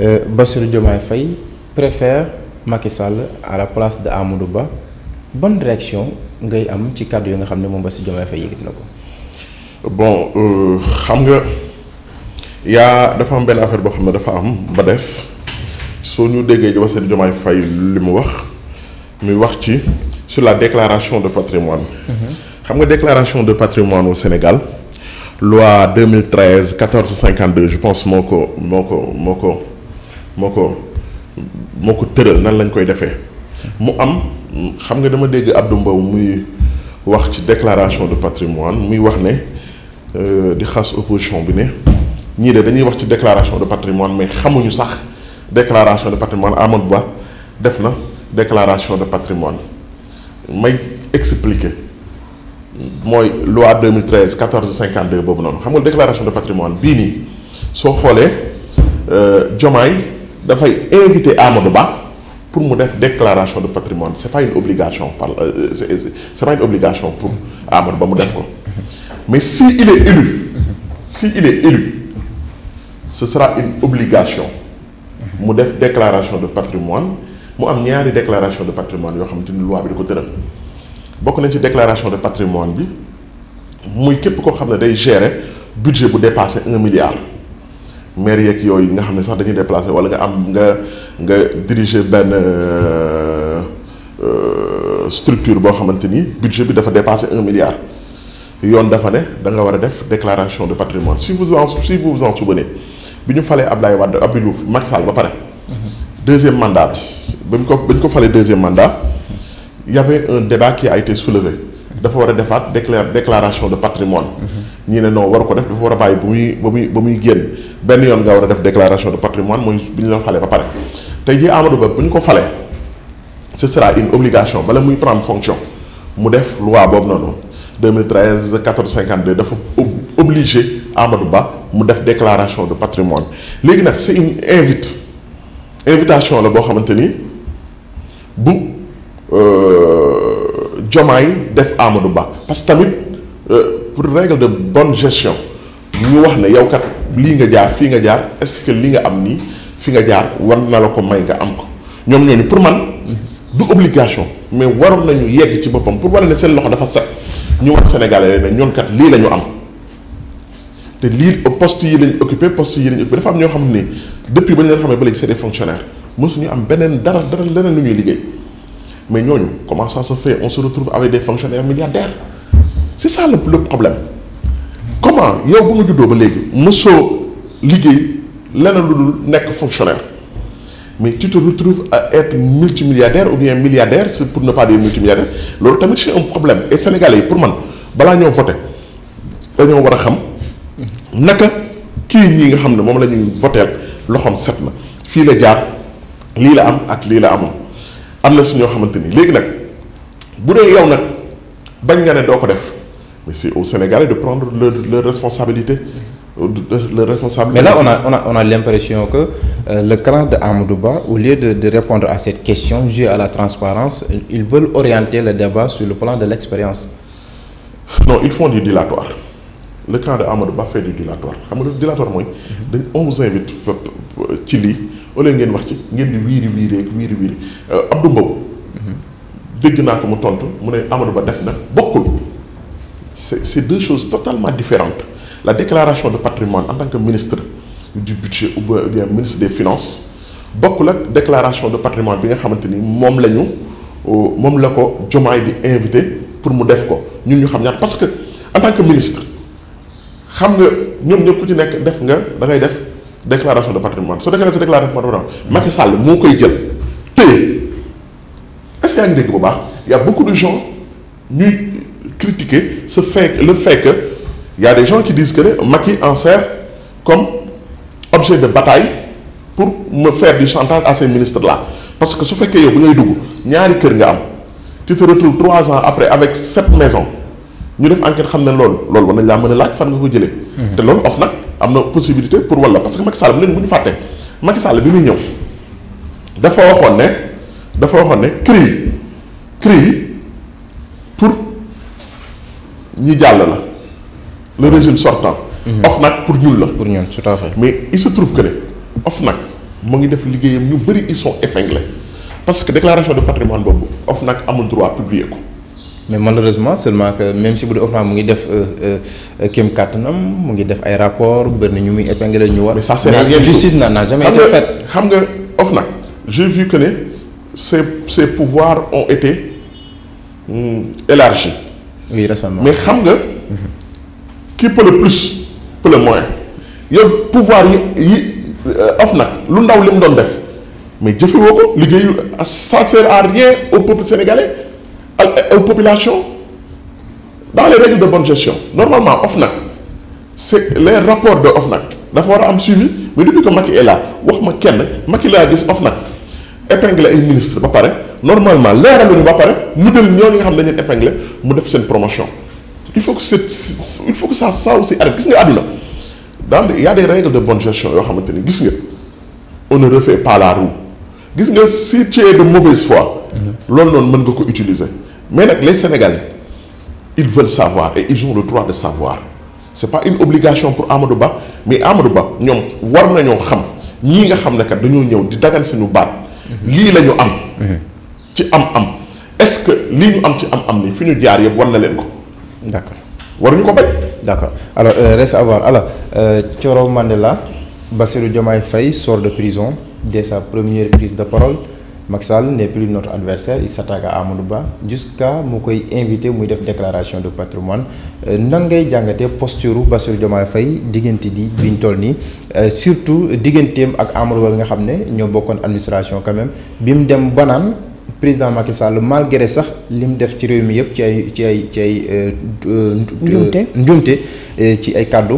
Euh, Bassirou Diomaye fay préfère Macky Sall à la place de Amadou Ba bonne réaction ngay am ci kàddu yi nga xam ne moom Bassirou Diomaye Faye yëgit na ko. bon euh, xam nga yaa dafa am benn affaire boo xam ne dafa am ba des soo ñu déggee Bassirou Diomaye fay li mu wax muy wax ci sur la déclaration de patrimoine mm-hmm. xam nga déclaration de patrimoine au Sénégal loi 2013 1452 je pense moo ko moo ko moo ko. moo ko moo ko tëral nan lañ koy defee mu am xam nga dama dégg Abdou Mbow muy wax ci déclaration de patrimoine muy wax ne euh, di xas opposition bi ne ñii de dañuy wax ci déclaration de patrimoine mais xamuñu sax déclaration de patrimoine Amadou Ba def na déclaration de patrimoine may expliquer mooy loi 2013 14 de boobu noonu xam nga déclaration de patrimoine bii nii soo xoolee jomaay euh, dafay invité Amadou Ba pour mu def déclaration de patrimoine c'est pas une obligation par euh, c'est pas pour Amadou Ba mu def ko mais si il est élu si il est élu ce sera une obligation mu def déclaration de patrimoine mu am ñaari déclaration de patrimoine yoo xamante ni loi bi da ko tëral bokk nañ ci déclaration de patrimoine bi muy képp koo xam ne day gérer budget bu dépassé un milliard maire yeeg yooyu nga xam ne sax dañuy déplacé wala nga am nga nga diriger benn euh, structure boo xamante ni budget bi dafa dépassé un milliard yoon dafa ne da nga war a def déclaration de patrimoine si vous en si vous vous en souvenez bi ñu falee Abdoulaye Wade Abdou Diouf Macky Sall ba pare. Mm-hmm. deuxième mandat bi ba ñu ko ko falee deuxième mandat y un débat qui a été soulevé dafa war a defaat décla déclaration de patrimoine mm-hmm. ñii ne noo war ko def dafa war a bàyyi ba muy ba muy ba muy génn benn yoon nga war a def déclaration de patrimoine mooy bi ñu la falee ba pare tey jii Amadou Ba bu ñu ko falee ce une obligation bala muy prendre fonction mu def loi boobu noonu 2013 14 52 dafa obligé Amadou Ba mu def déclaration de patrimoine léegi nag c'est une invite invitation la boo xamante ni bu euh, Diomaye def Amadou Ba parce que tamit. Euh, pour règle de bonne gestion ñu wax ne yow kat lii nga jaar fii nga jaar est li nga am nii fi nga jaar war na la ko may nga am ko ñoom ñooñu pour man du obligation mais waroon nañu yegg ci boppam pour wane ne seen loxo dafa set ñu wax Sénégalais ne ñoon lii la ñu am te lii poste yi lañ occupé poste yi lañ occupé dafa am ñoo xam ne depuis ba ñu leen xamee ba léegi c'est des fonctionnaires ñu am beneen dara dara leneen lu ñuy liggéey mais ñooñu comment ça se fait on se retrouve avec des c'est ça le le problème comment yow bu nga juddoo ba léegi mosoo liggéey leneen lu dul nekk fonctionnaire mais tu te retrouves à être multimilliardaire ou bien milliardaire c'est pour ne pas dire multimilliardaire loolu tamit c'est un problème et sénégalais yi pour man balaa ñoo voté dañoo war a xam naka kii ñii nga xam ne moom lañu ñuy voteel loxoom set na fii la jaar lii la am ak lii la amoon am si ñoo xamante ni léegi nag bu dee yow nag bañ nga ne doo ko def. mais c'est aux Sénégalais de prendre leur leur responsabilité. le responsable. Mais là, on a, on a, on l'impression que euh, le clan de Amadouba, au lieu de, répondre à cette question due à la transparence, ils veulent orienter le débat sur le plan de l'expérience. Non, ils font du dilatoire. Le clan de Amadouba fait du dilatoire. Amadou dilatoire mooy dañ on vous invite ci lii au lieu ngeen wax ci ngeen di wiiri wiiri rek wiiri wiiri euh, Abdou Mbow mhm. dégg naa ko mu tontu mu ne Amadou Ba def na bokkul. c'est c'est deux choses totalement différentes la déclaration de patrimoine en tant que ministre du budget ou bien ministre des finances bokkul ak déclaration de patrimoine bi nga xamante ni moom la ñu euh, moom la ko jomaay di invité pour mu def ko ñun ñu xam ñaar parce que en tant que ministre xam nga ñoom ñëpp ku ci nekk def nga da ngay def déclaration de patrimoine soo déclaré sa déclaration de patrimoine Macky Sall moo koy jël téye est-ce ngi dégg bu baax y a critiquer ce fait, le fait que il y a des gens qui disent que Macky en sert comme objet de bataille pour me faire du chantage à ces ministres-là parce que su fekkee yow bu ngay dugg ñaari kër nga am tu te trois ans après avec sept maison ñu def enquête xam ne loolu loolu war nañ laa mën a laaj fan nga ko jële mhm. te loolu of nag am na possibilité pour walla parce que Macky Sall bu leen bu ñu fàtte Macky Sall bi muy ñëw dafa waxoon ne dafa waxoon ne CREI CREI. ñi jàll la le régime sortant. Mhm. OFNAC pour ñun la. pour ñun tout à fait. mais il se trouve que ne OFNAC mu ngi def liggéeyam ñu bëri ils sont épinglés parce que déclaration de patrimoine boobu OFNAC amul droit publier ko. mais malheureusement seulement que même si bu dee OFNAC mu ngi def euh, euh, euh, kéem kàttanam mu ngi def ay rapport bëri na ñu muy épinglé ñu war. mais ça sert à rien justice n'a jamais été faite xam nga OFNAC j'ai vu que ne ses ses pouvoirs on été hmm, élargis. oui récemment mais xam nga. qui peut plus peut le moins yow pouvoir yi yi euh, of nag lu ndaw li mu doon def mais jëfewoo ko liggéeyu ça sert à rien au population sénégalais ak aux de bon gestion normalement of nag c'est les rapports de of nag dafa war a am suivi mais depuis que Macky est là wax ma kenn Macky laa gis of nag épingle ay ministre ba pare. normalement leeraluñu ba pare mu ñoo ñooñu nga xam ne dañuy épinglé mu def seen promotion il faut que c'est il faut que ça ça aussi arrête gis nga àdduna dans il y a de bonne gestion yoo xamante ni gis nga on ne refait gis nga si tu es de mauvaise foi. loolu noonu mën nga ko utiliser mais nag les sénégal il veulent savoir et ils ont le de savoir c'est pas une obligation pour Amadou Ba mais Amadou Ba ñoom war nañoo xam ñii nga xam ne kat dañoo ñëw di dagan suñu baat. lii la am. ci am-am est-ce que li ñu am ci am-am ni fi ñu jaar yëpp war na leen ko. d'accord waruñu ko bañ. d'accord alors euh, reste à voir alors euh, Thioro Mandela Bassirou Diomaye Faye sort de prison dès sa première prise de parole Macky Sall n'est plus notre adversaire il s'attaque à Amadou Ba jusqu'à mu koy invité muy def déclaration de patrimoine euh, nan ngay jàngatee posture Bassirou Diomaye Faye diggante di bi ñu toll nii surtout digganteem ak Amadou Ba bi nga xam ne ñoo bokkoon administration quand même bi mu dem banaan président Macky Sall malgré sax li mu def ci réew mi yëpp ci ay ci ay ci ay. Euh, euh, njuumte njuumte euh, ci ay kàddu.